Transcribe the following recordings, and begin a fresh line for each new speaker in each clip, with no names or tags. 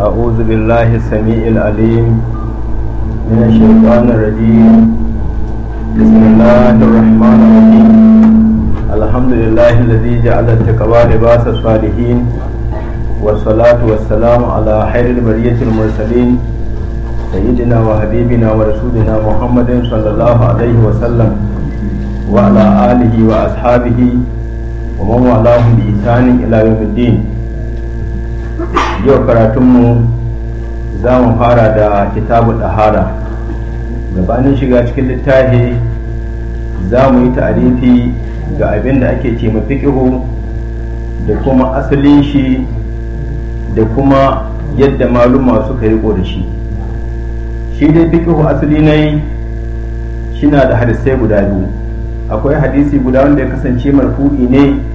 أعوذ بالله السميع العليم من الشيطان الرجيم بسم الله الرحمن الرحيم الحمد لله الذي جعل التقوى لباس الصالحين والصلاة والسلام على خير البرية المرسلين سيدنا وحبيبنا ورسولنا محمد صلى الله عليه وسلم وعلى آله وأصحابه ومن والاهم بإحسان إلى يوم الدين yau karatunmu za mu fara da kitabu ɗahara gabanin shiga cikin littafi za mu yi ta'arifi ga abin da ake ce fiƙihu da kuma asalin shi da kuma yadda maluma suka riko da shi shi dai fiƙihu asali na shi na da hadisai guda biyu akwai hadisi guda wanda ya kasance marfu'i ne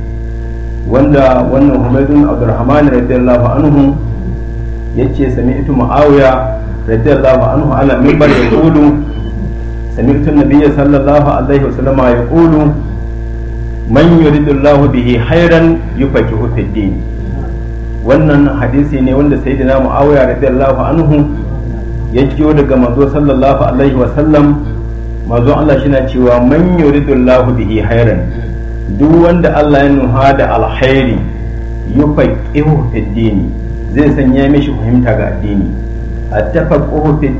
wanda wannan humaydun abdurrahman radiyallahu anhu yace sami'tu muawiya radiyallahu anhu ala minbar yaqulu sami'tu an-nabiy sallallahu alaihi wasallam yaqulu man yuridullahu bihi khairan yufaqihu fid din wannan hadisi ne wanda sayyidina muawiya radiyallahu anhu ya ciyo daga manzo sallallahu alaihi wasallam manzo Allah shi na cewa man yuridullahu bihi khairan duk wanda Allah ya nuha da alkhairi yufaqihu fid dini zai sanya mishi fahimta ga addini at-tafaqquhu fid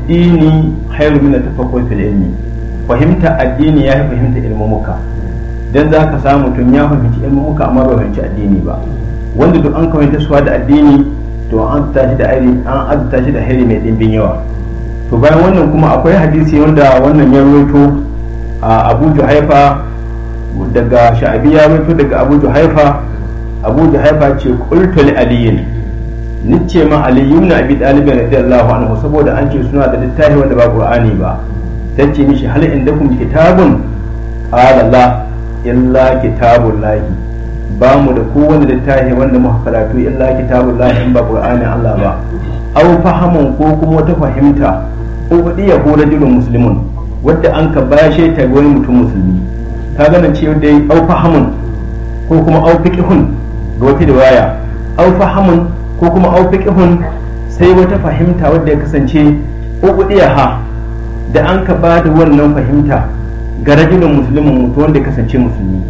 khairu min at ilmi fahimta addini ya fahimta ilmumuka dan za ka samu tun ya fahimci ilmumuka amma bai fahimci addini ba wanda duk an kawanta suwa da addini to an tashi da an shi da hari mai dimbin yawa to bayan wannan kuma akwai hadisi wanda wannan ya a Abu Juhaifa daga sha'abi ya mutu daga abu juhaifa abu juhaifa ce qultu li aliyin ni ce ma aliyun na abi talib radiyallahu anhu saboda an ce suna da littafi wanda ba qur'ani ba sai ce mishi hal indakum kitabun qala la illa lahi ba mu da kowane littafi wanda muka karatu illa kitabun lahi ba qur'ani Allah ba aw fahamun ko kuma wata fahimta ko ya ko jirgin musulmin, wadda an ka bashe ta wani mutum musulmi ka ganin ce da yi au fahamun ko kuma au fiqhun ga wata riwaya au fahamun ko kuma au fiqhun sai wata fahimta wadda ya kasance ha da an ka ba da wannan fahimta ga rajulun musulmin mutu wanda ya kasance musulmi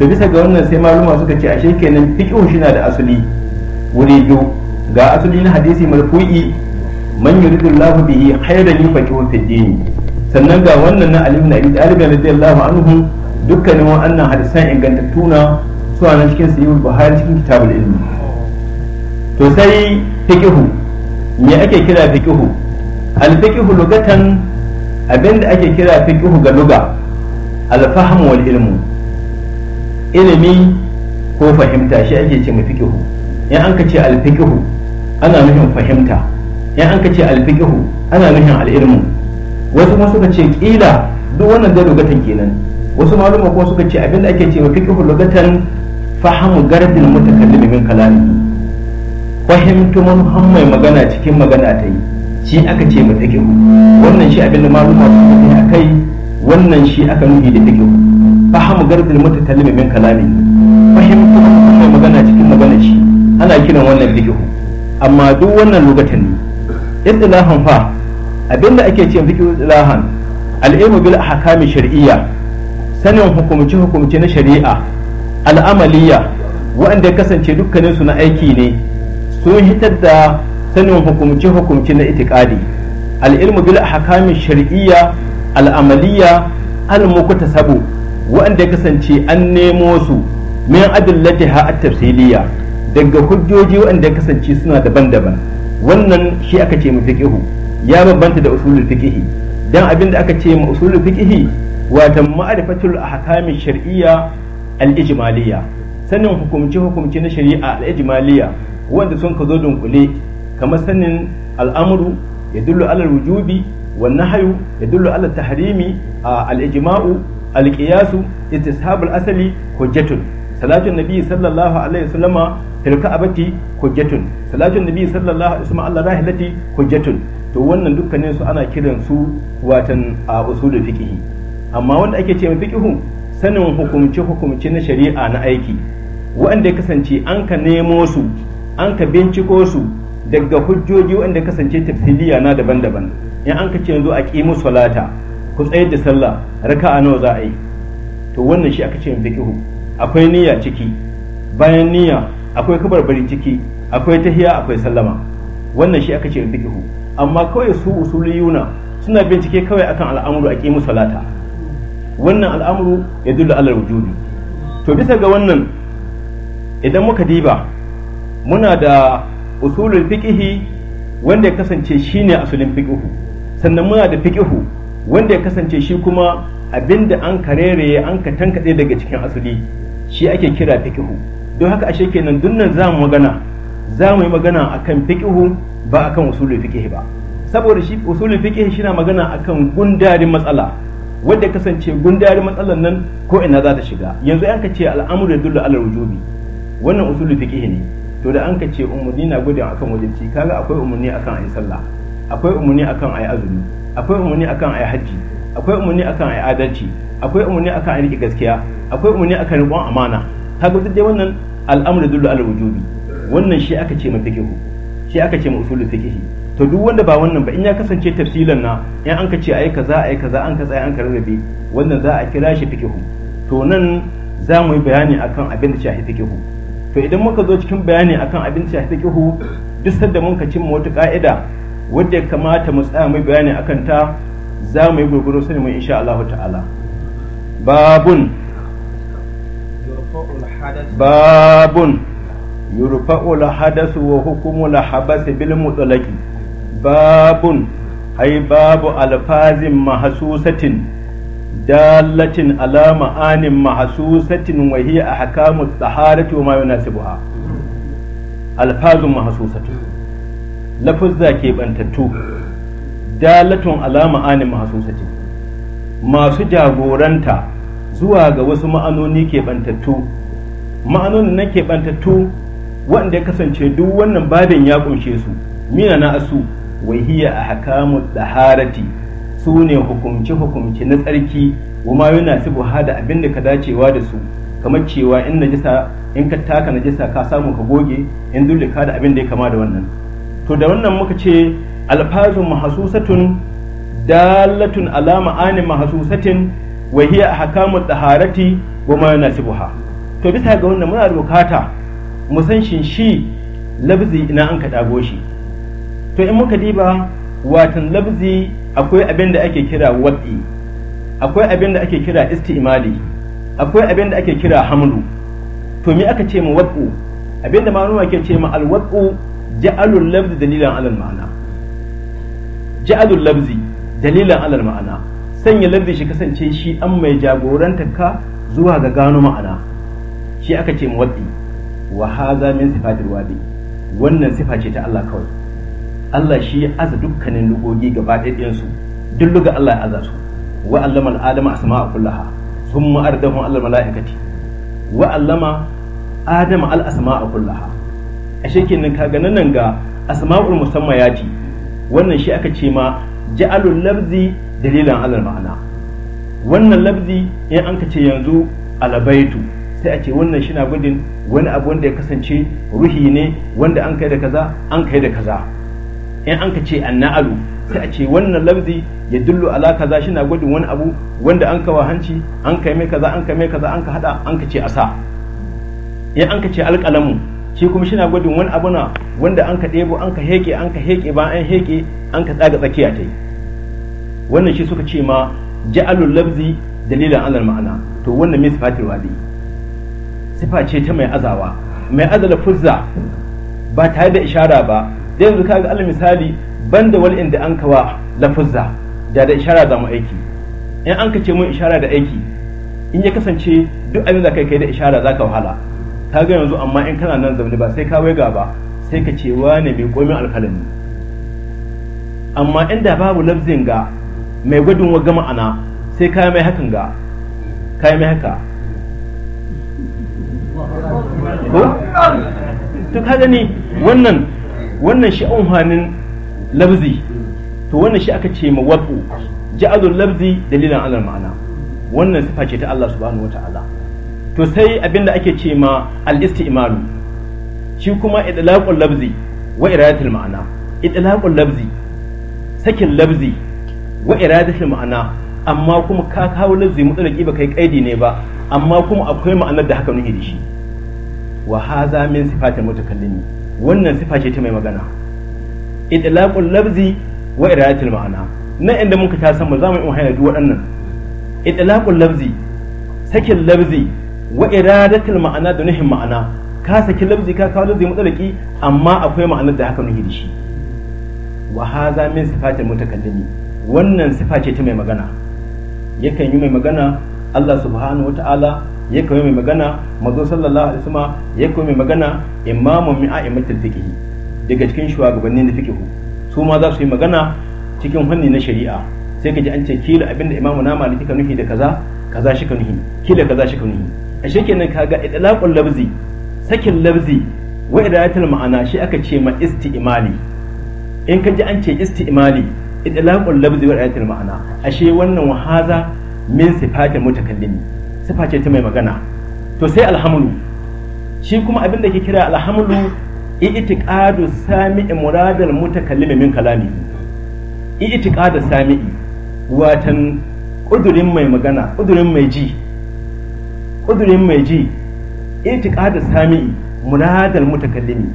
to bisa ga wannan sai maluma suka ce ashe kenan fiƙihun shi na da asali wuri biyu ga asali na hadisi marfu'i man yuridullahu bihi khairan yufaqihu fid din sannan ga wannan na Ali ibn Abi Talib radiyallahu anhu dukkanin waɗannan hadisan ingantattu na suna nan cikin sahihul buhari cikin kitabul ilmi to sai fiqhu me ake kira fiqhu al fiqhu lugatan abinda ake kira fiqhu ga luga al fahm wal ilmu ilimi ko fahimta shi ake ce fiqhu in an ka ce al fiqhu ana nufin fahimta in an ka ce al fiqhu ana nufin al ilmu wasu kuma suka ce kila duk wannan da lugatan kenan wasu malumma kuma suka ce abinda ake cewa kifin lokatan fahimu gardin mutakallim min kalami fahimtu man mai magana cikin magana ta yi shi aka ce mafi kifin wannan shi abinda maluma suka ce kai wannan shi aka nuhi da kifin fahimu gardin mutakallim min kalami fahimtu man mai magana cikin magana shi ana kiran wannan fiqhu amma duk wannan lokatan ne istilahan fa abinda ake ce fiqhu istilahan al'ilmu bil ahkami shar'iyya sanin hukumce hukumce na shari'a al'amaliya waɗanda ya kasance dukkaninsu na aiki ne sun hitar da sanin hukumce hukumce na itikadi al'ilmu bil hakamin shar'iyya al'amaliya al sabu waɗanda ya kasance an nemo su min adillatiha a tafsiliya daga hujjoji waɗanda ya kasance suna daban-daban wannan shi aka ce mu ya bambanta da usulul fiƙihi dan abin da aka ce ma usulul fiƙihi watan ma'arifatul ahkami shar'iyya al-ijmaliyya sanin hukumce hukumce na shari'a al-ijmaliyya wanda sun ka zo dunkule kamar sanin al'amuru ya dullu alal wujubi wa nahyu ya dullu alal tahrimi a ijmau al-qiyasu sabul asali hujjatun salatun nabi sallallahu alaihi wasallama tilka abati hujjatun salatun nabi sallallahu alaihi wasallama Allah rahilati hujjatun to wannan dukkanin su ana kiran su watan usulul fiqh amma wanda ake ce fiqhu sanin hukumce hukumce na shari'a na aiki wanda ya kasance an ka nemo su an ka binciko su daga hujjoji wanda ya kasance tafsiliya na daban-daban in an ka ce yanzu a ƙimu salata ku tsayar da sallah raka'a nawa za a yi to wannan shi aka ce fiqhu akwai niyya ciki bayan niyya akwai kabarbari ciki akwai tahiya akwai sallama wannan shi aka ce fiqhu amma kawai su usuliyuna suna bincike kawai akan al'amuru a ƙimu salata wannan al'amuru ya dula alal wujudu to bisa ga wannan idan muka diba muna da usulul fiƙihi wanda ya kasance shine asulin fiƙihu, sannan muna da fiƙihu wanda ya kasance shi kuma abinda an karere an ka tankade daga cikin asali shi ake kira fiƙihu. don haka ashe kenan dunnan za mu magana za mu yi magana akan fiƙihu, ba akan usulul fiqihi ba saboda shi usulul fiqihi shi na magana akan gundarin matsala wanda kasance gundari matsalar nan ko ina za ta shiga yanzu an ka ce al'amuru ya dulla ala wujubi wannan usulu fiqh ne to da an ka ce umurni na gode akan wajibi kaga akwai umurni akan ayi sallah akwai umurni akan ayi azumi akwai umurni akan ayi hajji akwai umurni akan ayi adalci akwai umurni akan ayi riki gaskiya akwai umurni akan riƙon amana kaga duk dai wannan al'amuru ya dulla ala wujubi wannan shi aka ce ma shi aka ce ma usulu fiqh to duk wanda ba wannan ba in ya kasance tafsilan na in an ka ce ai kaza ai kaza an ka tsaya an ka rarrabe wannan za a kira shi fikihu to nan za mu yi bayani akan abin da shafi fikihu to idan muka zo cikin bayani akan abin da shafi fikihu duk sadda mun ka cimma wata ka'ida wadda ya kamata mu tsaya mai bayani akan ta za mu yi gurguru sani mu insha Allah ta'ala babun babun yurfa'ul hadasu wa hukumul habasi bil mutlaqi babun ai babu alfazin mahasusatin dalatin ala ma'anin mahasusatin wa hiya ahkamu taharati wa ma yunasibuha alfazun mahasusatun lafuzza ke bantattu dalatun ala ma'anin mahasusatin masu jagoranta zuwa ga wasu ma'anoni ke bantattu ma'anonin na ke bantattu wanda ya kasance duk wannan babin ya kunshe su mina na asu wa hiya ahkamu daharati sune hukumci hukumci na tsarki wama yana sibu hada abin da ka dacewa da su kamar cewa in najisa in ka taka najisa ka samu ka goge in ka da abin da ya kama da wannan to da wannan muka ce alfazun mahasusatin dalatun ala ma'anin mahasusatin wa hiya ahkamu daharati wama yana sibuha to bisa ga wannan muna da bukata mu san shin shi labzi ina an ka dago shi to in muka diba watan labzi akwai abin da ake kira wad’i, akwai abin da ake kira istimali akwai abin da ake kira hamlu to me aka ce mu wad’u? abin da manuma ke ce mu alwatsu ja'alul labzi dalilan alal ma'ana ja'alul labzi dalilan alal ma'ana sanya labzi shi kasance shi an mai jagorantar ka zuwa ga gano ma'ana shi aka ce mu watsi wa haza min sifatil wadi wannan sifa ce ta Allah kawai Allah shi ya aza dukkanin lugogi gaba ɗayan su duk luga Allah ya aza su wa allama al-adama asma'a kullaha thumma ardahu Allah malaikati wa allama adama al asma'a kullaha ashe kenan kaga nan ga asma'ul musammayati wannan shi aka ce ma ja'alul labzi dalilan alal ma'ana wannan labzi in an ka ce yanzu alabaitu sai a ce wannan shi na gudun wani abu wanda ya kasance ruhi ne wanda an kai da kaza an kai da kaza in an ka ce anna'alu sai a ce wannan lamzi ya dullu ala kaza shi na gwadin wani abu wanda an kawa hanci an kai mai kaza an kai mai kaza an ka hada an ka ce asa in an ka ce alƙalamu shi kuma shi na gwadin wani abu na wanda an ka ɗebo an ka heke an ka heke ba an heke an ka tsaga tsakiya ta yi wannan shi suka ce ma ja'alul labzi dalilan alal ma'ana to wannan mai sifatul wadi sifa ce ta mai azawa mai azala fuzza ba tare da ishara ba da yanzu kaga alal misali da wal inda an kawa lafuzza da da ishara za mu aiki in an kace mun ishara da aiki in ya kasance duk abin da kai kai da ishara za ka wahala ka kaga yanzu amma in kana nan zaune ba sai ka waiga ba sai ka ce wane mai komin alkalami amma inda babu lafzin ga mai gudun wa gama ana sai kaya mai hakan ga kaya mai haka ko to ka gani wannan wannan shi amfanin labzi to wannan shi aka ce ma wabu ja'alul labzi dalilan alal ma'ana wannan sifa ce ta Allah subhanahu wata'ala to sai abinda ake ce ma al-istimalu shi kuma idlaqul labzi wa iradatul ma'ana idlaqul labzi sakin labzi wa iradatul ma'ana amma kuma ka kawo labzi mutlaqi ba kai kaidi ne ba amma kuma akwai ma'anar da haka nuhi da shi wa haza min sifatil mutakallimi wannan sifa ce ta mai magana itlaqul labzi wa iradatul ma'ana na inda muka ta san mu yi in hayar duk waɗannan itlaqul labzi sakin labzi wa iradatul ma'ana da nuhin ma'ana ka saki labzi ka kawo labzi mutsalaki amma akwai ma'anar da haka nuhi da shi wa haza min sifatil mutakallimi wannan sifa ce ta mai magana yakan yi mai magana Allah subhanahu Ta'ala. ya kawo mai magana mazo sallallahu alaihi wasallam ya kawo mai magana imamun mi'a a'immatul fiqh daga cikin na fiqh su ma za su yi magana cikin fanni na shari'a sai ka ji an ce kila abinda imamu na maliki ka nufi da kaza kaza shi ka nufi kila kaza shi ka nufi a shekenan kaga idlaqul labzi sakin labzi wa idayatul ma'ana shi aka ce ma isti'mali in ka ji an ce isti'mali idlaqul labzi wa idayatul ma'ana ashe wannan wahaza min sifatin mutakallimi sifa ce ta mai magana to sai alhamdu shi kuma abin da ke kira alhamlu i'tiqadu sami'i muradal mutakallimi min kalami i'tiqadu sami'i watan kudurin mai magana kudurin mai ji kudurin mai ji i'tiqadu sami'i muradal mutakallimi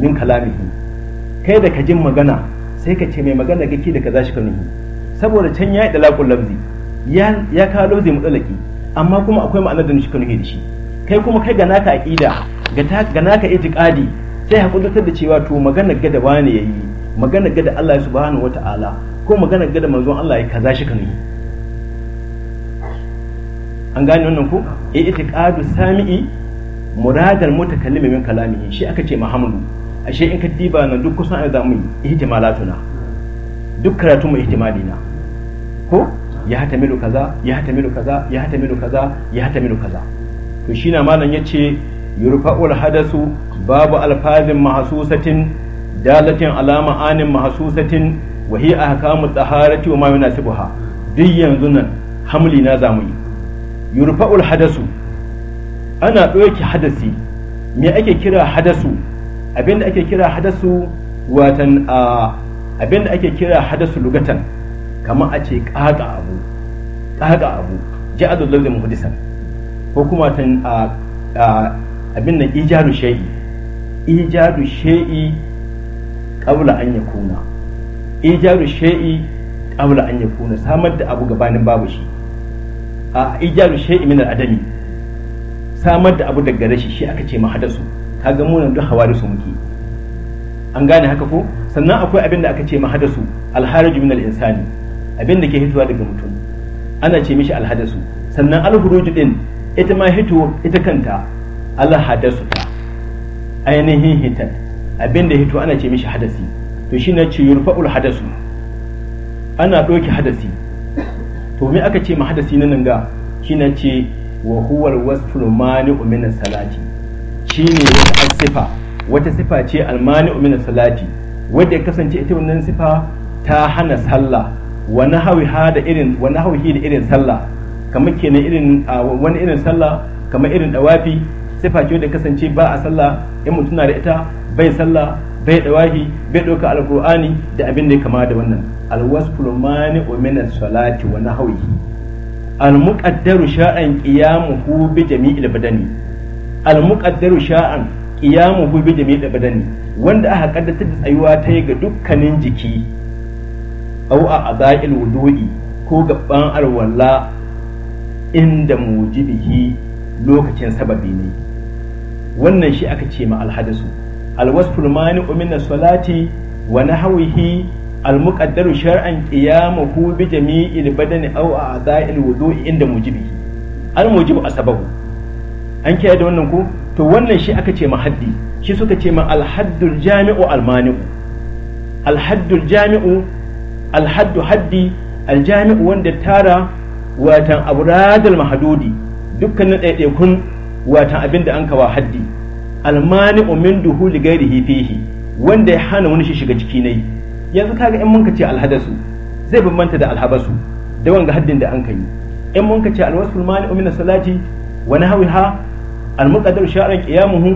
min kalamihi kai da kajin magana sai ka ce mai magana kake da kaza shi ka saboda can ya yi dalakun lafzi ya kawo lafzi mutsalaki amma kuma akwai ma'anar da ni shika nuhi da shi kai kuma kai ga naka aqida ga naka itiqadi sai hakuntar da cewa to maganar ga da wane yayi maganar ga da Allah subhanahu wata'ala ko maganar ga da manzon Allah ya kaza shi kanu an gane wannan ku? e eh, itiqadu sami'i muradal mutakallimi min kalamihi shi aka ce mahamudu ashe in ka diba nan duk kusan ai za mu ihtimalatuna duk karatu mu ihtimalina ko ya hata milu kaza ya hata milu kaza ya hata milu kaza ya hata milu kaza to shi na malam ya ce yurfa'ul hadasu babu alfazin mahasusatin dalatin alama anin mahasusatin wa hi ahkamu taharati wa ma yunasibuha duk yanzu nan hamli na zamu yi yurfa'ul hadasu ana ɗauki hadasi me ake kira hadasu abinda ake kira hadasu watan abinda ake kira hadasu lugatan kamar a ce ƙaƙa abu ƙaƙa abu ji a dole muhdisan ko kuma tan abin nan ijaru shay'i ijaru shay'i qabla an kuna ijaru shay'i qabla an kuna samar da abu gabanin babu shi a ijaru shay'i min adami samar da abu daga rashi shi aka ce mahadasu kaga mu nan duk su muke an gane haka ko sannan akwai abin da aka ce mahadasu al-haraju insani abin da ke hitowa daga mutum ana ce mishi alhadasu sannan alhuruju din ita ma hito ita kanta alhadasu ta ainihin hitat abin da hito ana ce mishi hadasi to shi na ce yurfa'ul hadasu ana ɗauki hadasi to me aka ce ma hadasi na nan ga shi na ce wa huwal wasful mani'u min salati shine wata sifa wata sifa ce almani'u min salati wadda ya kasance ita wannan sifa ta hana sallah wani hawiha da irin wani hawi da irin sallah kamar kenan irin wani irin sallah kamar irin dawafi sai ce da kasance ba a sallah in mutum na da ita bai sallah bai dawahi bai ɗauka alqur'ani da abin da ya kama da wannan alwasful mani as salati wa nahwi almuqaddaru sha'an qiyamuhu bi jami'il badani almuqaddaru sha'an qiyamuhu bi jami'il badani wanda aka kaddatar da tsayuwa ta ga dukkanin jiki au a adail wudu'i ko gaban alwala inda mujibihi lokacin sababi ne wannan shi aka ce ma alhadasu alwasful mani'u min salati wa na nahwihi almuqaddaru shar'an qiyamuhu bi jami'il badani aw a'dha'il wudu'i inda mujibihi almujibu asabahu an kiyaye da wannan ku? to wannan shi aka ce ma haddi shi suka ce ma alhaddul jami'u almani'u alhaddul jami'u alhaddu haddi aljami'u wanda tara watan abradal mahadudi dukkanin ɗaiɗaikun watan abinda an kawa haddi almani umin duhu ligairihi fihi wanda ya hana wani shi shiga ciki nai yanzu kaga in munka ce alhadasu zai bambanta da alhabasu da wanga haddin da an kai in munka ce alwasul mani umin salati wa nahwiha almuqaddar sha'ran qiyamuhu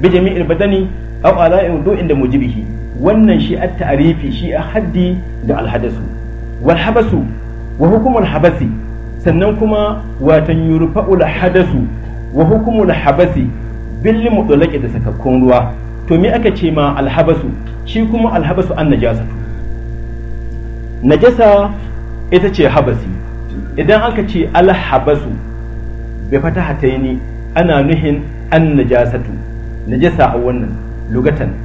bi jami'il badani aw ala'in wudu'in da mujibihi wannan shi at ta'rifi shi a haddi da alhadasu wal habasu wa hukumul habasi sannan kuma watan yurfa'ul hadasu wa hukumul habasi bil mutlaqi da sakakkun ruwa to me aka ce ma alhabasu shi kuma alhabasu an najasa najasa ita ce habasi idan aka ce alhabasu bai fatahataini ana nuhin an najasatu najasa a wannan lugatan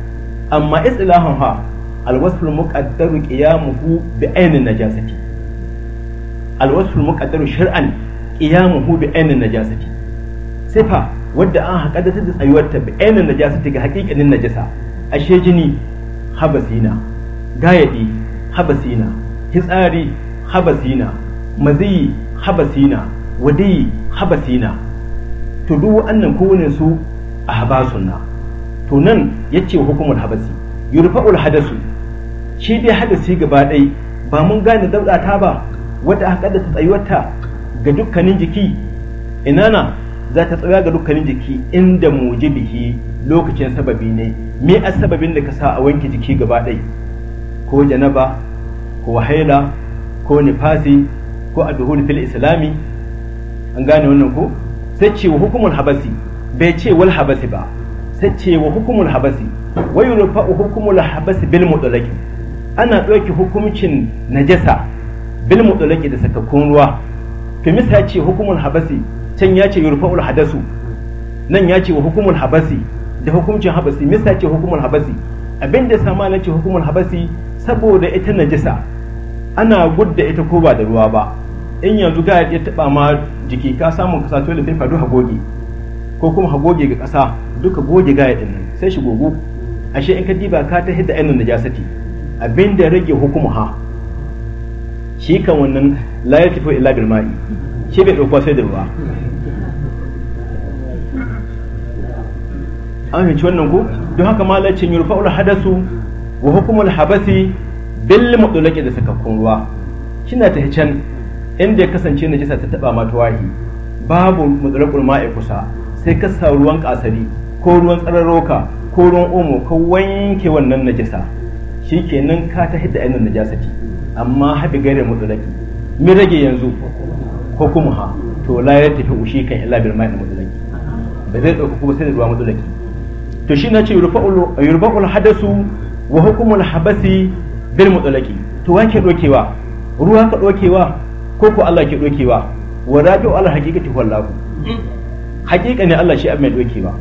amma istilahan ha alwasful muqaddaru qiyamuhu bi ainin najasati alwasful muqaddaru shar'an qiyamuhu bi ainin najasati sifa wadda an ta da tsayuwarta bi ainin najasati ga haƙiƙanin najasa ashe jini habasina gayadi habasina hitsari habasina mazi habasina wadiyi habasina to duk wannan kowane su a sunna. to nan ya ce wa hukumar habasi yurfa'ul hadasu shi dai hadasi gaba ɗai ba mun gane daudata ba wata aka da tsayuwarta ga dukkanin jiki inana za ta tsaya ga dukkanin jiki inda mujibihi lokacin sababi ne me a sababin da ka sa a wanke jiki gaba ɗai ko janaba ko haila ko nifasi ko adhul fil islami an gane wannan ko sai ce wa hukumar habasi bai ce wal habasi ba Sace ce wa hukumul habasi wai rufa hukumul habasi bil mudalaki ana ɗauki hukuncin najasa bil mudalaki da sakakkun ruwa fimis ya ce hukumul habasi can ya ce yurfa'ul hadasu nan ya ce wa hukumul habasi da hukuncin habasi misa ce hukumul habasi abin da sama na ce hukumul habasi saboda ita najasa ana gudda ita ko ba da ruwa ba in yanzu ga ya taba ma jiki ka samu ka sato da sai fadu hagogi ko kuma ka goge ga ƙasa duka goge gaya din nan sai shi gogo ashe in ka diba ka ta hidda ainihin najasati abin da rage hukumu ha shi kan wannan layar tafi illa bil ma'i shi bai ɗauka sai da ruwa an fahimci wannan ko don haka malacin yurfa'ul hadasu wa hukumul habasi bil mutulaki da sakakkun ruwa kina ta can inda ya kasance najasa ta taba matuwahi babu mutulakul ma'i kusa sai ka sa ruwan kasari ko ruwan tsararroka ko ruwan omo ka wanke wannan najasa shikenan ka ta hidda ainihin najasati amma gari gare matsalaki mi rage yanzu ko kuma ha to la ya tafi ushe kan illa bil ma'i matsalaki ba zai dauka kuma sai da ruwa matsalaki to shi na ce yurba'ul hadasu wa hukumul habasi bil matsalaki to wa ke dokewa ruwa ka ɗokewa ko ko Allah ke ɗokewa wa rabi'u al haqiqati wallahu hakika ne Allah shi mai doke ba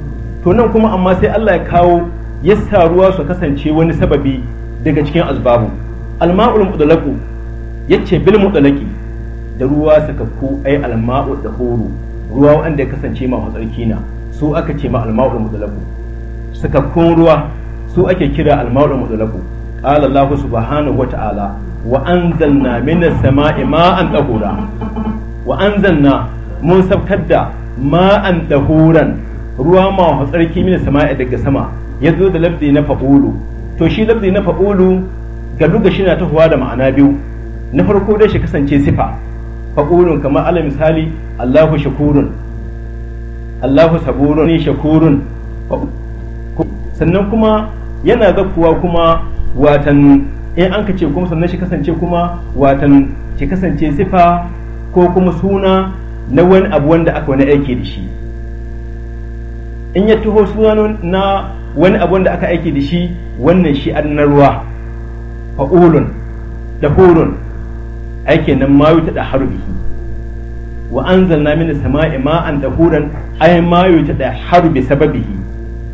to nan kuma amma sai Allah ya kawo ya sa ruwa su kasance wani sababi daga cikin azbabu alma'ul mudalaku yace bil mudalaki da ruwa sakakku ai alma'u da horo ruwa wanda ya kasance ma tsarki na su aka ce ma alma'ul mudalaku sakakkun ruwa su ake kira alma'ul mudalaku qala Allah subhanahu wa wa anzalna minas sama'i ma'an tahura wa anzalna mun sabkar da ma'an dahuran ruwa ma tsarki mina sama'a daga sama ya zo da labdi na fa'ulu to shi labdi na fa'ulu ga duka shi na tahowa da ma'ana biyu na farko dai shi kasance sifa fa'ulun kamar ala misali Allahu shakurun Allahu saburun ni shakurun sannan kuma yana zakkuwa kuma watan in an ce kuma sannan shi kasance kuma watan shi kasance sifa ko kuma suna na wani abu wanda aka wani aiki da shi in ya tuho suna na wani abu wanda aka aiki da shi wannan shi an na ruwa fa'ulun da hurun aiki nan mayu ta da harbihi wa anzalna min sama'i ma'an hurun ay mayu ta da harbi sababihi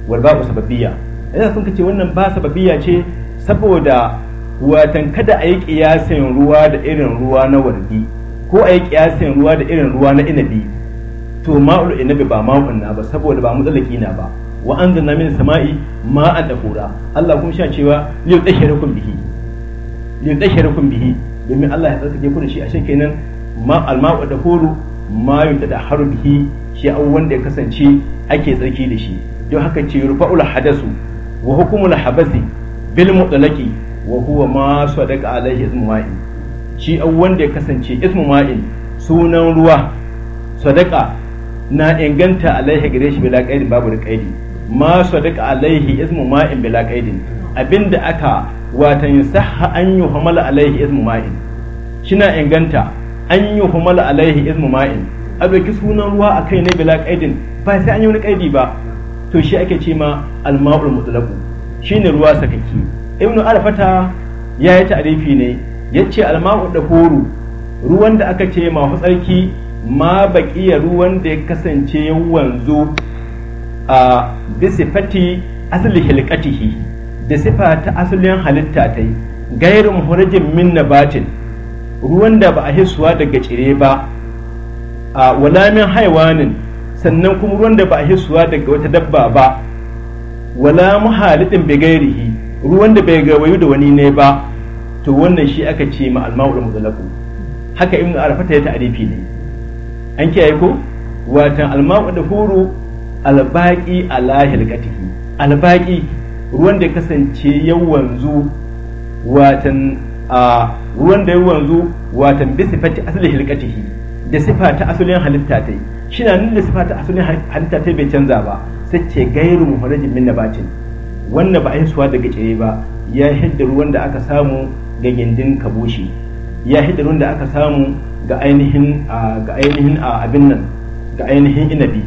wal ba'u sababiyya yana sun ce wannan ba sababiyya ce saboda watan kada a yi kiyasin ruwa da irin ruwa na wargi ko a yi kiyasin ruwa da irin ruwa na inabi to ma'ul inabi ba ma'ul na ba saboda ba mutsalaki na ba wa an zanna min sama'i an da kura Allah kuma sha cewa li tasharukum bihi li tasharukum bihi domin Allah ya tsarkake ku da shi a kenan ma al ma'u da kuru ma da haru bihi shi an wanda ya kasance ake tsarki da shi don haka ce rufa'ul hadasu wa hukumul habasi bil mutlaqi wa huwa ma sadaqa alaihi ismu'a'i shi wanda ya kasance ismu ma'in sunan ruwa sadaka na inganta alaihi gare shi bila kaidin babu da kaidi ma sadaka alaihi ismu ma'in bila kaidin abinda aka watan sahha an yi humala alaihi ismu ma'in na inganta an yi humala alaihi ismu ma'in a ɗauki sunan ruwa a kai ne bila kaidin ba sai an yi wani kaidi ba to shi ake ce ma alma'ul mutlaqu shine ruwa sakaki ibnu alfata ya yi ta'arifi ne yace almahu da horo. ruwan da aka ce ma tsarki ma baƙiya ruwan da ya kasance wanzu a bisifati asali hilkatihi da sifa ta asalin halitta ta yi gairin hurajin min nabatin ruwan da ba a hisuwa daga cire ba a wala min haiwanin sannan kuma ruwan da ba a hisuwa daga wata dabba ba wala muhalidin bi gairihi ruwan da bai gawayu da wani ne ba to wannan shi aka ce ma alma'ul mudallaqu haka ibn arafata ya ta'arifi ne an kiyaye ko watan alma'ul dahuru albaqi ala hilqatihi albaqi ruwan da kasance yau wanzu watan a ruwan da yau wanzu watan bi sifati asli hilqatihi da sifa ta asalin halitta ta shi na nuna sifa ta asalin halitta ta bai canza ba sai ce gairu muharrajin min nabatin wannan ba a yi suwa daga cire ba ya hidda ruwan da aka samu ga gindin kabushi ya hidirin da aka samu ga ainihin ga ainihin abin nan ga ainihin inabi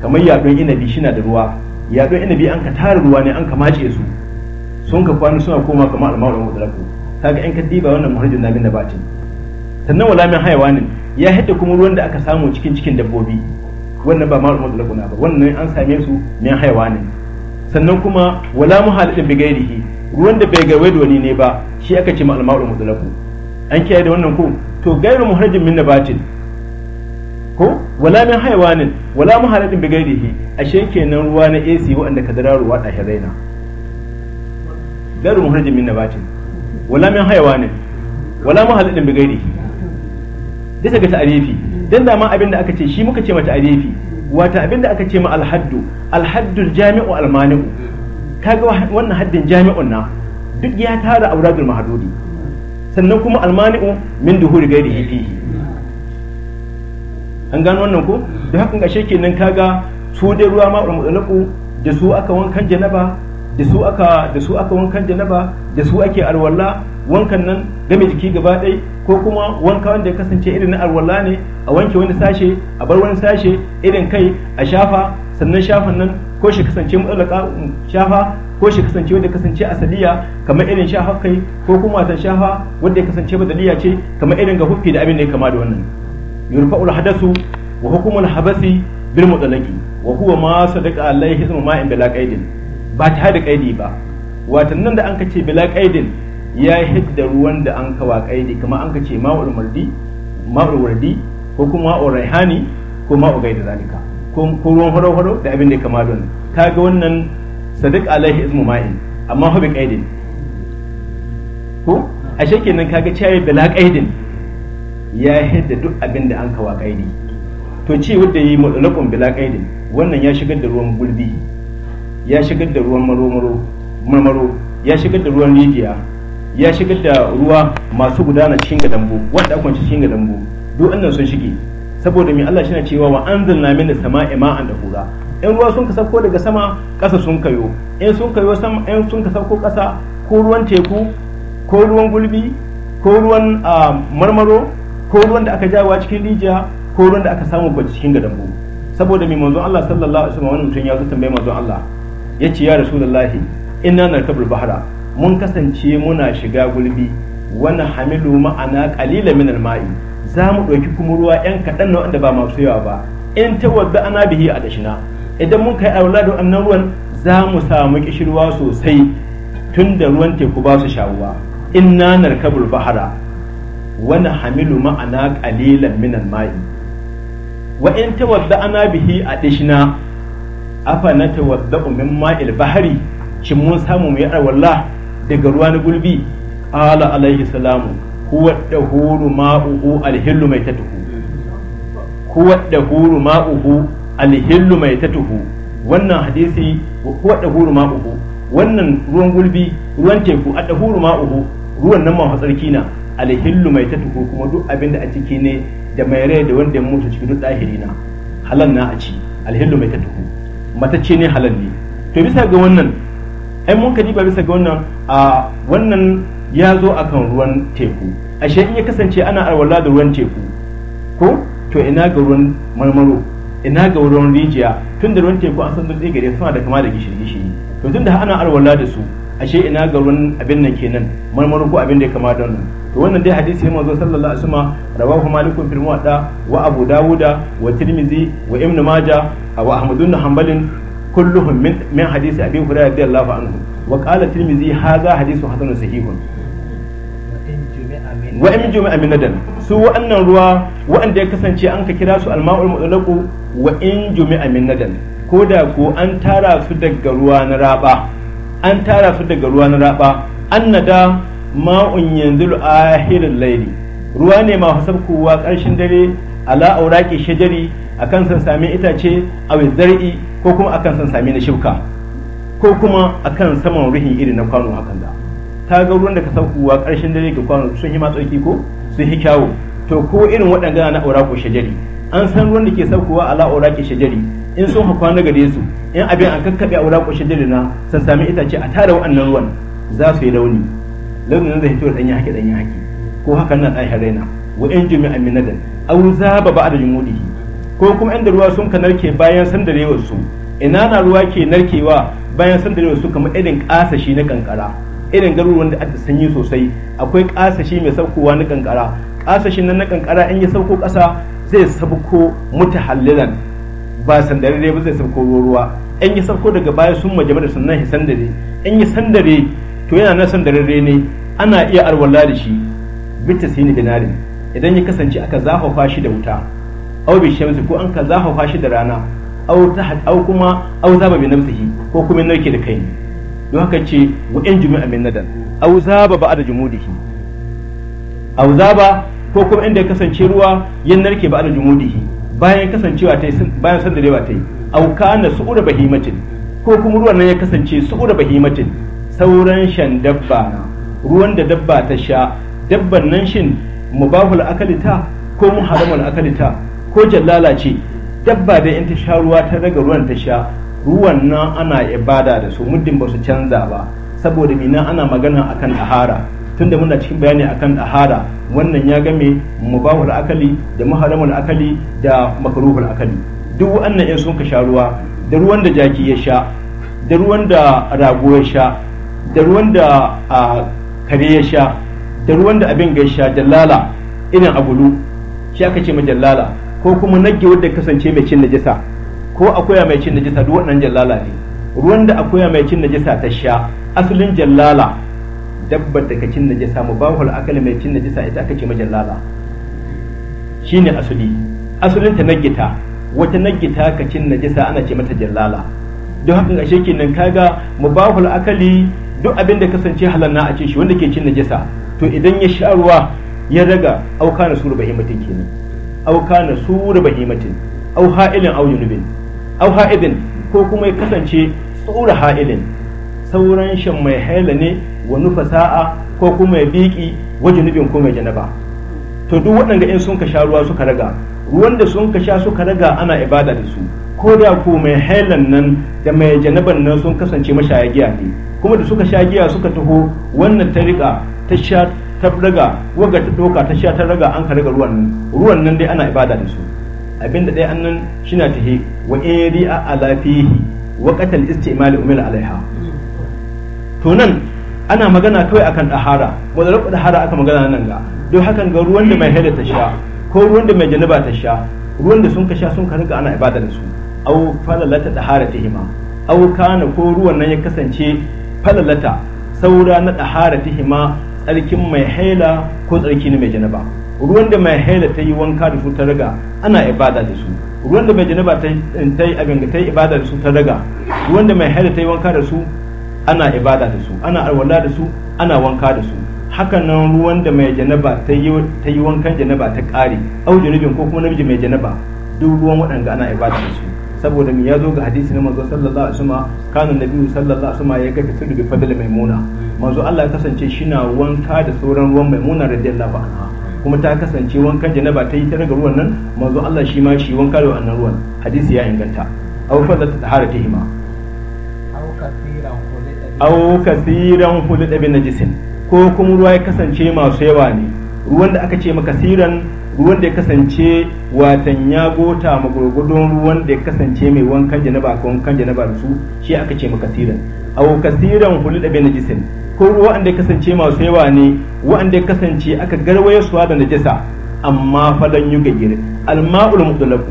kamar yaɗon inabi shi na da ruwa yaɗon inabi an ka tara ruwa ne an ka mace su sun ka kwana suna koma kamar almarin mudraku kaga in ka diba wannan muharjin nabin nabatin sannan wala min hayawanin ya hidda kuma ruwan da aka samu cikin cikin dabbobi wannan ba ma'ul da na ba wannan an same su min hayawanin sannan kuma wala muhalidin bigairihi ruwan da bai ga da wani ne ba shi aka ce da mutalaku an kiyaye da wannan ko to gairu muharrajin min nabatin ko wala min haywanin wala muharrajin bi gairihi ashe kenan ruwa na AC wanda kadara ruwa da hiraina gairu muharrajin min nabatin wala min haywanin wala muharrajin bi gairihi dace ga ta'arifi dan da ma abin da aka ce shi muka ce mata ta'arifi wata abin da aka ce ma alhaddu alhaddul jami'u almani'u kaga wannan haddin jami'un na duk ya tara auradul mahdudi sannan kuma almani'u min duhuri gairi hifihi an gano wannan ko da hakan sheke kenan kaga su dai ruwa ma mutsalaku da su aka wankan janaba da su aka da su aka wankan janaba da su ake alwala wankan nan game jiki gaba ɗaya ko kuma wanka wanda ya kasance irin na alwala ne a wanke wani sashe a bar wani sashe irin kai a shafa sannan shafan nan ko shi kasance mutlaka mm, shafa ko shi kasance wanda kasance asaliya kamar irin shafa kai ko kuma ta shafa wanda ya kasance badaliya ce kamar irin ga huffi da abin da ya kama da wannan yurfa'ul hadasu wa hukumul habasi bil mutlaqi wa huwa ma sadaqa hizma ma in bila qaidin ba ta da qaidi ba watan nan da an kace bila qaidin ya hidda ruwan da an kawa qaidi kamar an kace ma'ul mardi ma'ul wardi ko kuma ma'ul raihani ko ma'ul gaida zalika ko ruwan horo-horo da abin da ya kama don ga wannan sadiq alaihi ismu ma'in amma hobi qaidin ko ashe kenan kaga cewa bala qaidin ya hidda duk abin da an kawa qaidi to ce wanda yi mutlaqun bala qaidin wannan ya shigar da ruwan gulbi ya shigar da ruwan maromaro marmaro ya shigar da ruwan rijiya ya shigar da ruwa masu gudana cikin gadambu wanda akwai cikin gadambu duk annan sun shige saboda mai Allah shine cewa wa anzalna minas sama'i da kura. in ruwa sun ka sauko daga sama ƙasa sun kayo in sun kayo sama in sun ka sauko ƙasa ko ruwan teku ko ruwan gulbi ko ruwan ah, marmaro ko ruwan da aka jawa cikin rijiya ko ruwan da aka samu ba cikin gadambu saboda mai manzon Allah sallallahu alaihi wasallam mutum ya zo tambaye manzon Allah ya ce ya rasulullahi inna narkabul bahra mun kasance muna shiga gulbi wani hamilu ma'ana qalila minal ma'i za mu ɗauki kuma ruwa yan kaɗan na wanda ba masu yawa ba in ta wadda ana bihi a dashina idan mun kai aula da wannan ruwan za mu samu kishirwa sosai tun da ruwan teku ba su shawuwa inna narkabul bahara wani hamilu ma'ana qalilan minan ma'i wa in ta wadda ana bihi a dashina afa na wadda min ma'il bahari shin mun samu mu yi arwallah daga ruwa na gulbi ala alaihi salamu huwa dahuru ma'uhu alhillu mai tatuhu huwa dahuru ma'uhu alhillu mai tatuhu wannan hadisi huwa dahuru ma'uhu wannan ruwan gulbi ruwan teku a dahuru ma'uhu ruwan nan ma tsarki na alhillu mai tatuhu kuma duk abin da a ciki ne da mai rai da wanda ya mutu cikin duk tsahiri na halal na a ci alhillu mai tatuhu matacce ne halal ne to bisa ga wannan ai mun ka ba bisa ga wannan a wannan ya zo akan ruwan teku ashe in ya kasance ana alwala da ruwan teku ko to ina ga ruwan marmaro ina ga ruwan rijiya tun da ruwan teku an san dutse gare suna da kama da gishiri gishiri to tun da ana alwala da su ashe ina ga ruwan abin nan kenan marmaro ko abin da ya kama da nan to wannan dai hadisi ne manzo sallallahu alaihi wasallam rawahu malikun fil muwatta wa abu dawuda wa tirmizi wa ibn majah wa ahmad bin hanbal kulluhum min hadisi abi hurairah radiyallahu anhu wa qala tirmizi hadha hadithu hasanun sahihun wa in min nadan su wa'annan ruwa wa'anda ya kasance an ka kira su alma'ul mutlaqu wa in jumi'a min nadan ko da ko an tara su daga ruwa na raba an tara su daga ruwa na raba annada ma'un yanzu ahirin laili ruwa ne ma kowa karshen dare ala auraki shajari akan san sami itace a zar'i ko kuma akan san sami na shibka ko kuma akan saman ruhin iri na kwano hakan da ka ga ruwan da ka uwa ƙarshen dare ga kwano sun yi matsauki ko sun yi kyawu to ko irin waɗanda na aura ko shajari an san ruwan da ke saukowa ala aura ke shajari in sun hakwa na gare su in abin an kakkaɓe aura ko shajari na san sami itace a tara wa'annan ruwan za su yi rauni launin da hito ɗanyen haki ɗanyen haki ko hakan nan ɗan haraina wa in jumi'a min A au za ba da jumudihi ko kuma inda ruwa sun ka narke bayan rewar su ina na ruwa ke narkewa bayan rewar su kamar irin ƙasashe na kankara irin garuruwan da aka sanyi sosai akwai kasashe mai saukowa na kankara kasashin nan na kankara in ya sauko kasa zai sabko mutahallilan ba sandare ba zai sabko ruwa in ya sabko daga baya sun majama da sannan ya sandare in ya sandare to yana na sandararre ne ana iya arwala da shi bita sini dinarin idan ya kasance aka zafafa shi da wuta au bi shamsi ko an ka zafafa shi da rana au kuma au zaba bi nafsihi ko kuma nauke da kai ne don haka ce wa in jumi'a min nadan au zaba ba da jumudihi au zaba ko kuma inda ya kasance ruwa ya narke ba a da jumudihi bayan kasancewa ta bayan sandarewa ta yi au kana su'ura bahimatin ko kuma ruwan nan ya kasance su'ura bahimatin sauran shan dabba ruwan da dabba ta sha dabban nan shin mubahul akalita ko muharramul akalita ko jallala ce dabba da in ta sha ruwa ta daga ruwan ta sha ruwan nan ana ibada da su muddin ba su canza ba saboda mina ana magana akan ɗahara tunda muna cikin bayani akan ɗahara wannan ya game mubahul akali da muharramul akali da makruhul akali duk wannan in sun ka sha ruwa da ruwan da jaki ya sha da ruwan da rago ya sha da ruwan da kare ya sha da ruwan da abin ga sha jallala irin agulu shi aka ce ma jallala ko kuma nagge wanda kasance mai cin najasa ko akwai mai cin najisa duk wannan jallala ne ruwan da akwai mai cin najisa ta sha asalin jallala dabbar da ka cin najisa mubahul akali mai cin najisa ita aka ce majallala shine asali asalin ta nagita wata nagita ka cin najisa ana ce mata jallala don haka ashe kenan kaga mu mubahul akali duk abin da kasance halanna a ce shi wanda ke cin najisa to idan ya sha ruwa ya daga auka na suru bahimatin kenan auka na suru bahimatin au ha'ilin au yunubin au ha'idin ko kuma ya kasance tsura ha'idin sauran shan mai haila ne wa nufa sa'a ko kuma ya biki wa junubin ko mai janaba to duk waɗanda in sun ka sha ruwa suka raga ruwan da sun ka sha suka raga ana ibada da su ko da ko mai hailan nan da mai janaban nan sun kasance mashaya giya ne kuma da suka sha giya suka taho wannan ta riƙa ta sha ta raga waga ta doka ta sha ta raga an ka raga ruwan nan ruwan nan dai ana ibada da su abin da dai annan shina he wa in ri'a ala fihi wa qatal istimal umil alaiha to nan ana magana kawai akan dahara wanda rubu dahara aka magana nan ga don hakan ga ruwan da mai haila ta sha ko ruwan da mai janaba ta sha ruwan da sun ka sha sun ka riga ana ibada da su aw falalata dahara hima aw kana ko ruwan nan ya kasance falalata saura na dahara hima tsarkin mai haila ko tsarki na mai janaba ruwan da mai haila ta yi wanka da su ta raga ana ibada da su ruwan da mai janaba ta yi abin da ta yi ibada da su ta raga ruwan da mai haila ta yi wanka da su ana ibada da su ana alwala da su ana wanka da su hakan nan ruwan da mai janaba ta yi wankan janaba ta kare au janubin ko kuma namiji mai janaba duk ruwan waɗanda ana ibada da su saboda mi ya zo ga hadisi na manzo sallallahu alaihi wasallam kana nabi sallallahu alaihi wasallam ya ga da bi fadl maimuna manzo Allah ya kasance shi na wanka da sauran ruwan maimuna radiyallahu anha kuma ta kasance wankan janaba ta yi ta daga ruwan nan manzo Allah shi ma shi wanka da wannan ruwan hadisi ya inganta aw fadda ta tahara ta hima aw kasiran da bin najisin ko kuma ruwa ya kasance masu yawa ne ruwan da aka ce maka siran ruwan da ya kasance watan ya gota ma ruwan da ya kasance mai wankan janaba ko wankan janaba da su shi aka ce makasiran aw kasiran hulida bai najisin ko ruwa wanda ya kasance masu yawa ne waɗanda ya kasance aka garwaye suwa da najisa amma yi yugayir alma'ul mutulaku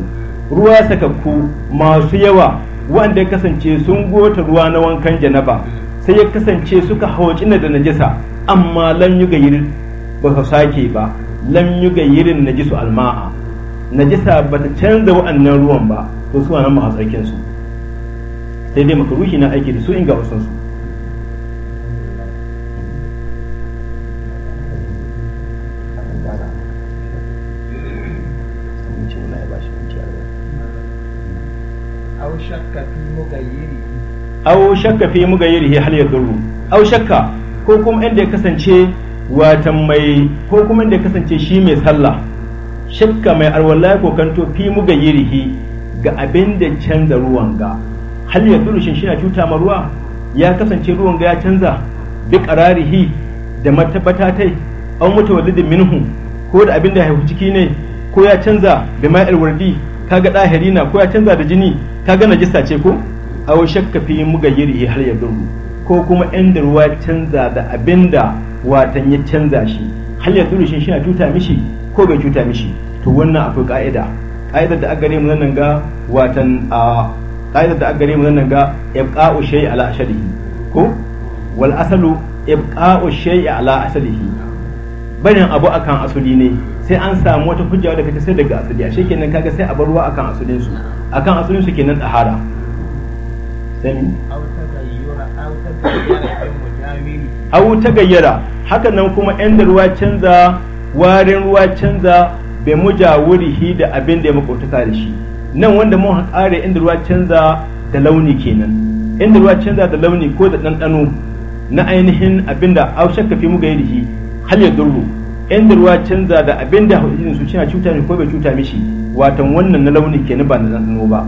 ruwa sakakku masu yawa waɗanda ya kasance sun gota ruwa na wankan janaba sai ya kasance suka hauci da najasa amma lan yugayir ba su sake ba lam yugayyirin najisu alma'a najisa bata canza wa'annan ruwan ba to su nan masu tsarkin su sai dai makaruhi na aiki da su in ga wasan su au shakka fi mugayiri hal yadurru au shakka ko kuma inda ya kasance watan mai ko kuma da kasance shi mai sallah shakka mai arwala ko kanto fi muga yirihi ga abin da canza ruwan ga hal ya shi shina cuta ma ruwa ya kasance ruwan ga ya canza bi qararihi da matabata tai aw mutawallidin minhu ko da abin da haihu ciki ne ko ya canza bi ma'il wardi kaga dahiri na ko ya canza da jini kaga najisa ce ko aw shakka fi muga yirihi hal ya ko kuma inda ruwa canza da abinda watan ya canza shi hal ya tsuru shi shi cuta mishi ko bai cuta mishi to wannan akwai ka'ida ka'idar da aka mu nan ga watan a ka'idar da aka gare mu nan ga ibqa'u shay'i ala ashadihi ko wal asalu ibqa'u shay'i ala asalihi barin abu akan asali ne sai an samu wata hujja da ta sai daga asali a shekenan kaga sai a bar ruwa akan asalin su akan asalin su kenan tahara au ta gayyara hakan nan kuma yan da ruwa canza warin ruwa canza bai muja wurihi da abin da ya makautaka da shi nan wanda mun haƙare inda ruwa canza da launi kenan inda ruwa canza da launi ko da ɗanɗano na ainihin abin da au shakka fi muga yadihi hal ya durru inda ruwa canza da abin da hujjin su cina cuta ne ko bai cuta mishi watan wannan na launi kenan ba na ɗanɗano ba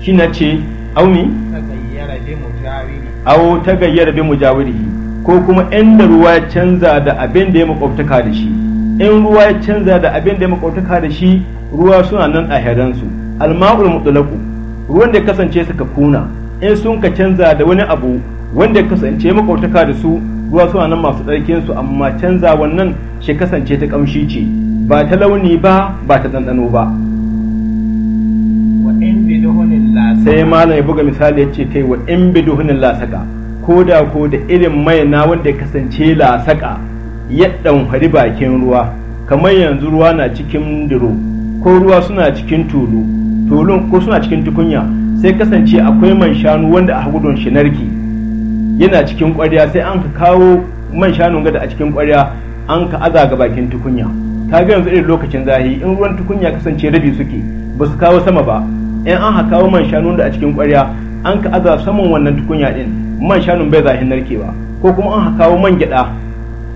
shi na ce auni au ta gayyara bi mujawirihi ko kuma inda ruwa ya canza da abin da ya makwabtaka da shi in ruwa ya canza da abin da ya makwabtaka da shi ruwa suna nan a heransu alma'ul mutlaqu ruwan da kasance suka kuna in sun ka canza da wani abu wanda kasance makwabtaka da su ruwa suna nan masu tsarkin su amma canza wannan shi kasance ta kamshi ce ba ta launi ba ba ta ɗanɗano ba sai malam ya buga misali ya ce kai wa in bi duhunin lasaka ko da ko da irin mai na wanda ya kasance lasaka ya hari bakin ruwa kamar yanzu ruwa na cikin diro ko ruwa suna cikin tulu tulun ko suna cikin tukunya sai kasance akwai man shanu wanda a gudun shi narki yana cikin kwarya sai an ka kawo man shanu gada a cikin kwarya an ka aza ga bakin tukunya ta ga yanzu irin lokacin zahiri in ruwan tukunya kasance rabi suke ba su kawo sama ba in an haka man shanu da a cikin ƙwarya an ka aza saman wannan tukunya din man shanu bai zahin narkewa ko kuma an haka man gyada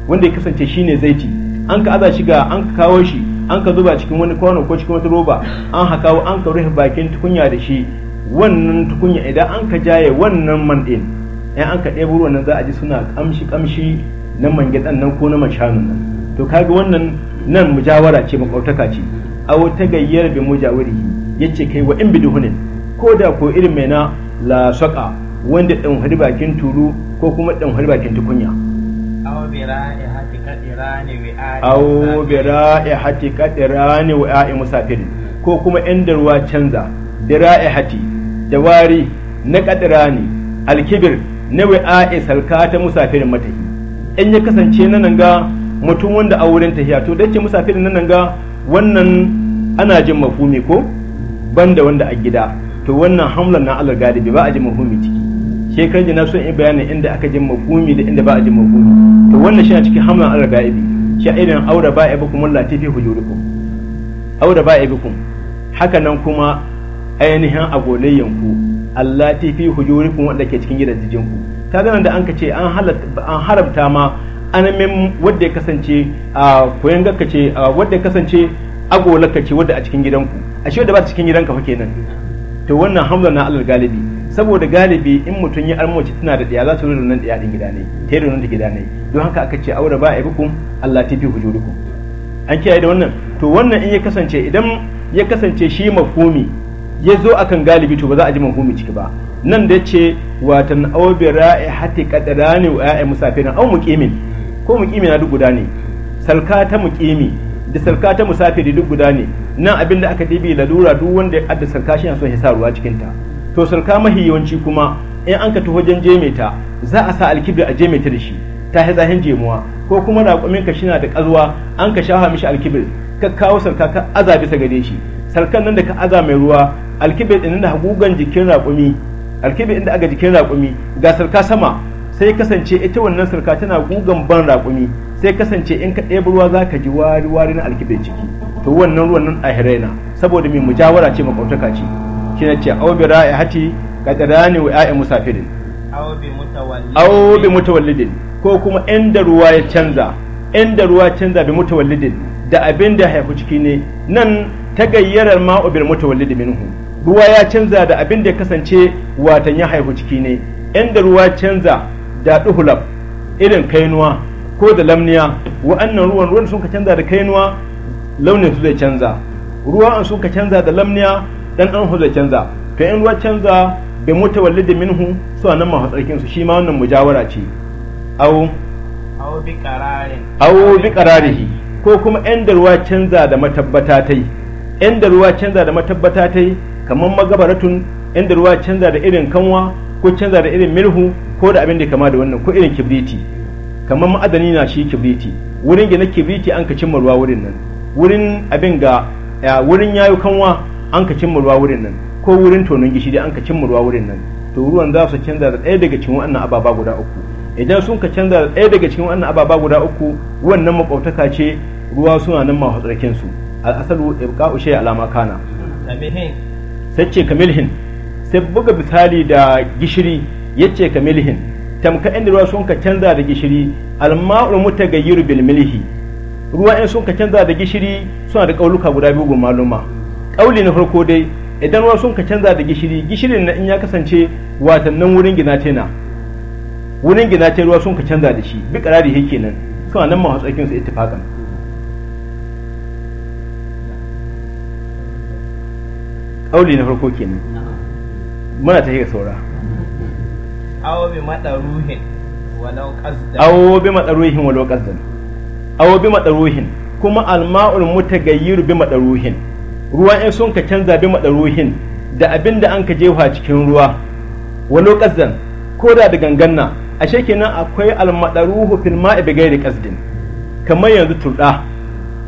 wanda ya kasance shine zaiti an ka aza shiga an ka kawo shi an ka zuba cikin wani kwano ko cikin wata roba an haka an ka rufe bakin tukunya da shi wannan tukunya idan an ka jaye wannan man din in an ka ɗebo ruwan nan za a ji suna kamshi kamshi na man gyadan nan ko na man shanun nan to kaga wannan nan mujawara ce makautaka ce a ta gayyar bi mujawirihi yace kai wa in bidhunin ko da ko irin mai na la saqa wanda dan hari bakin tulu ko kuma dan hari bakin tukunya aw bi hati qadirani wi'a'i wa bi ra'ihati musafirin ko kuma inda ruwa canza da ra'ihati da wari na qadirani alkibir na wi'a'i salka ta musafirin matahi in ya kasance nan ga mutum wanda a wurin tahiya to dace musafirin nan ga wannan ana jin mafumi ko banda wanda a gida to wannan hamlar na Allah galibi ba a ji mafhumi ciki shekaran jina sun in bayanin inda aka ji mafhumi da inda ba a ji mafhumi to wannan shi a cikin hamlar Allah galibi shi a irin aura ba a bukum lati fi hujurikum aura ba a bukum haka nan kuma ainihin agolayyanku allah fi hujurikum wanda ke cikin gidajen ku ta nan da an ka ce an haramta ma min wadda ya kasance a koyan ce wadda ya kasance agolaka ce wanda a cikin gidanku ashe da ba cikin gidanka fa kenan to wannan hamla na alal galibi saboda galibi in mutun ya almoci tana da diya za su rurrunan diya din gida ne ta yi da gida ne don haka aka ce aure ba a yi Allah ta fi hujurikum an kiyaye da wannan to wannan in ya kasance idan ya kasance shi mafhumi ya zo akan galibi to ba za a ji mafhumi ciki ba nan da ce watan aw bi ra'i hati qadrani wa ya'i musafirin aw muqimin ko muqimi na duk guda ne salka ta muqimi da sarka ta musafiri duk guda ne nan abin da aka dibi lalura duk wanda ya adda sarka shi son ya sa ruwa cikin ta to sarka mahi yawanci kuma in an ka tu wajen jeme ta za a sa alkibri a jeme ta da shi ta hi zahin jemuwa ko kuma raƙumin ka shina da ƙazuwa an ka shafa mishi alkibir ka kawo sarka ka aza bisa gare shi sarkan nan da ka aza mai ruwa alkibir din da hagugan jikin raƙumi alkibir din aga jikin raƙumi ga sarka sama sai kasance ita wannan surka tana gugan ban raƙumi sai kasance in ka ɗebi ruwa za ka ji wari wari na alkibin ciki to wannan ruwan nan na saboda mai mujawara ce makwautaka ce shi ce Hati bi ra'ihati qadrani wa ya'i musafirin aubi mutawallidin ko kuma inda ruwa ya canza inda ruwa canza bi mutawallidin da abin da haifu ciki ne nan ta gayyarar ma'u bil minhu ruwa ya canza da abin da kasance watan ya haifu ciki ne inda ruwa canza da duhulab irin kainuwa ko da lamniya wa'annan ruwan ruwan sun ka canza da kainuwa launin su zai canza ruwa an sun ka canza da lamniya dan an hu zai canza to in ruwa canza bai mutawalli da minhu su nan ma tsarkin su shi ma wannan mujawara ce au au bi qararin au bi qararihi ko kuma yan da ruwa canza da matabbata tai yan da ruwa canza da matabbata tai kamar magabaratun yan da ruwa canza da irin kanwa ko canza da irin milhu ko da abin da kama da wannan ko irin kibriti kamar ma'adani na shi kibriti wurin gina kibriti an ka cimma ruwa wurin nan wurin abin ga wurin yayo kanwa an ka cimma ruwa wurin nan ko wurin tonon gishiri an ka cimma ruwa wurin nan to ruwan za su canza da ɗaya daga cikin wannan ababa guda uku idan sun ka canza da ɗaya daga cikin wannan ababa guda uku wannan makwabtaka ce ruwa suna nan masu tsarkin su al'asalu ibqa'u shay alama kana sai ce kamilhin sai buga misali da gishiri ya ce ka milhin tamka in ruwa sun ka canza da gishiri alma'ul mutagayyir bil milhi ruwa in sun ka canza da gishiri suna da kauluka guda biyu ga maluma kauli na farko dai idan ruwa sun ka canza da gishiri gishirin na in ya kasance watannin wurin gina tena wurin gina ta ruwa sun ka canza da shi bi karari yake nan suna nan masu tsakin su ittifaqan kauli na farko kenan muna ta ga saura awo bi maɗaruhin walau qazdan awo bi maɗaruhin walau kuma alma'ul gayyiru bi maɗaruhin. ruwa in sun ka canza bi maɗaruhin da abin da an ka jefa cikin ruwa walau qazdan ko da da ganganna ashe kenan akwai almadaruhu fil ma'i bi gairi kamar yanzu turɗa.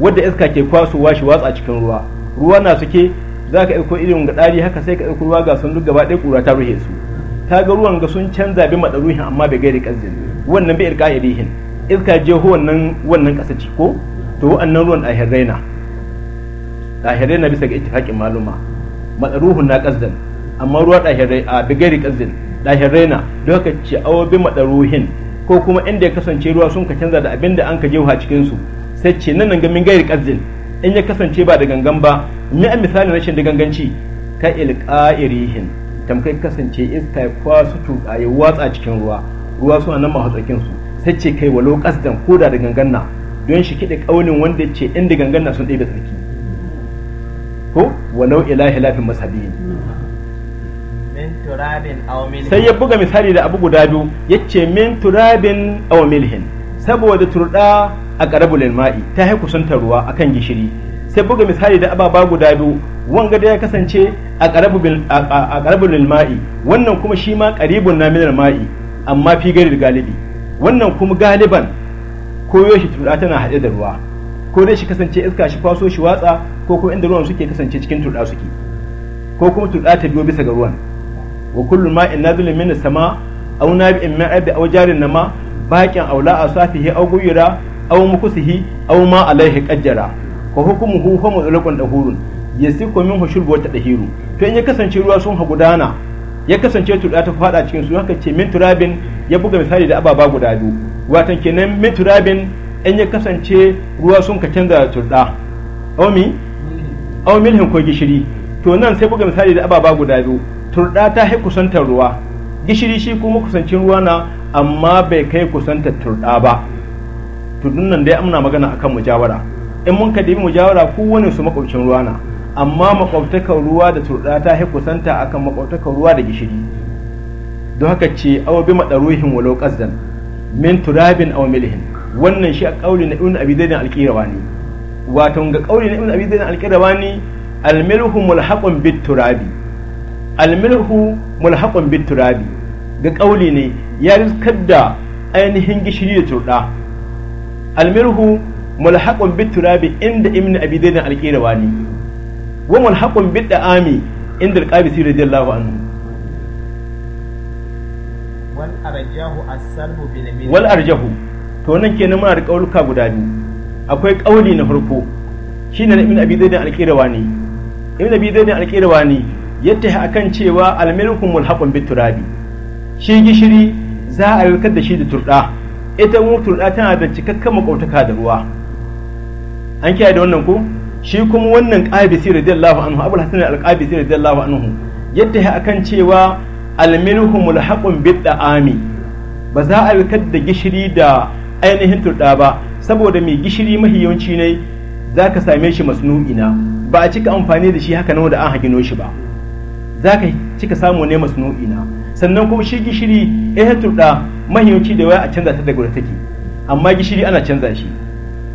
wadda iska ke kwasowa shi watsa cikin ruwa ruwa na suke za ka ɗauko irin ga ɗari haka sai ka ɗauko ruwa ga sun duk gaba ɗaya ƙura ta ruhe su ta ga ruwan ga sun canza bi ruhin amma bai gairi ƙazin wannan bai irka irihin iska je wannan wannan ƙasa ci ko to wa'annan ruwan ɗahirai na ɗahirai na bisa ga ittifaƙin maluma ruhun na ƙazin amma ruwa ɗahirai a bi gairi ƙazin ɗahirai na don haka ci awo bi ruhin ko kuma inda ya kasance ruwa sun ka canza da abin da an ka a cikinsu sai ce nan ga min gairi ƙazin in ya kasance ba da gangan ba me a misali rashin da ganganci ka ilqa'irihin tamkai kasance iska kwasu tuka ya watsa cikin ruwa ruwa suna nan mahatsakin su sai ce kai walau kasdan koda da ganganna don shi kiɗa ƙaunin wanda ce inda ganganna sun ɗebe tsarki ko walau ilahi lafin masabi sai ya buga misali da abu guda biyu ya ce min turabin awamilhin milhin saboda turɗa a ƙarabu ma'i ta haiku kusantar ruwa akan gishiri sai buga misali da ababa guda biyu wanga da ya kasance a ƙarabu ma'i wannan kuma shi ma ƙaribun na ma'i amma fi gari da galibi wannan kuma galiban koyo shi turɗa tana haɗe da ruwa ko dai shi kasance iska shi kwaso shi watsa ko kuma inda ruwan suke kasance cikin turɗa suke ko kuma turɗa ta biyo bisa ga ruwan wa kullum ma'in zulun min sama aw nabi'in min ardi aw jarin nama baƙin Aula a safihi aw guyra aw mukusihi aw ma alaihi qajjara hukumu hu fa mutlaqun dahurun yasiku minhu shurbu wa dahiru to in ya kasance ruwa sun ha gudana ya kasance turda ta fada cikin su haka ce min turabin ya buga misali da ababa guda biyu watan kenan min turabin in ya kasance ruwa sun ka canza turda aw mi aw milhin ko gishiri to nan sai buga misali da ababa guda biyu turda ta hi kusantar ruwa gishiri shi kuma kusancin ruwa na amma bai kai kusantar turda ba to nan dai amna magana akan mujawara in mun kadi mujawara ko wani su makwabcin ruwa na amma makwabtakar ruwa da turda ta hi kusanta akan makwabtakar ruwa da gishiri don haka ce aw bi madaruhin walau qazdan min turabin aw milhin wannan shi a kauli na ibn abi zaid alqirawani wato ga kauli na ibn abi zaid alqirawani almilhu mulhaqun bit turabi almilhu mulhaqun bit turabi ga kauli ne ya riskar da ainihin gishiri da turda almirhu mulhaqun bit turabi inda ibnu abi zaid alqirawani wa mulhaqun bid da'ami inda al-qabisi radiyallahu anhu wal arjahu as-salbu bil wal arjahu to nan kenan muna da kauluka guda biyu akwai kauli na farko shine ibnu abi zaid alqirawani ibnu abi zaid alqirawani yatta yattahi akan cewa almirhu milhu mulhaqun bit turabi shi gishiri za a yarkar da shi da turda ita murtuda tana da cikakken makautaka da ruwa an kiyaye da wannan ko shi kuma wannan qabisi radiyallahu anhu abul hasan al-qabisi radiyallahu anhu yadda ya akan cewa mula haqun bidda Ami, ba za a rikar da gishiri da ainihin turɗa ba saboda mai gishiri mahi yawanci ne za ka same shi masnu'i na ba a cika amfani da shi haka nan da an hagino shi ba za ka cika samu ne masnu'i na sannan kuma shi gishiri ya eh, turɗa yawanci da waya a canza ta daga da take amma gishiri ana canza shi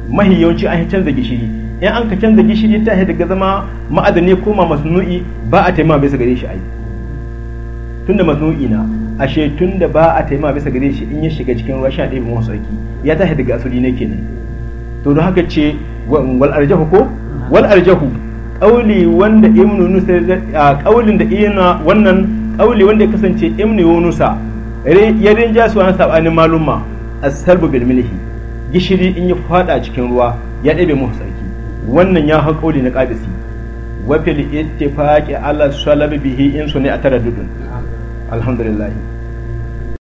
yawanci an canza gishiri in an ka canza gishiri ta daga zama ma'adani ko ma masnu'i ba a taimaka bisa gare shi ai tunda masnu'i na ashe tunda ba a taimaka bisa gare shi in ya shiga cikin ruwa sha ɗaya masu sarki ya ta daga asali ne kenan to don haka ce wal arjahu ko wal arjahu kauli wanda ibnu nusayr kaulin da ina wannan aure wanda ya kasance imni wonusa ya rinja su wani sabanin malumma a salbu bil gishiri in ya fada cikin ruwa ya ɗabe mu sarki wannan ya hau kauli na qadisi wa fil ittifaqi ala salabi bihi in tara dudun alhamdulillah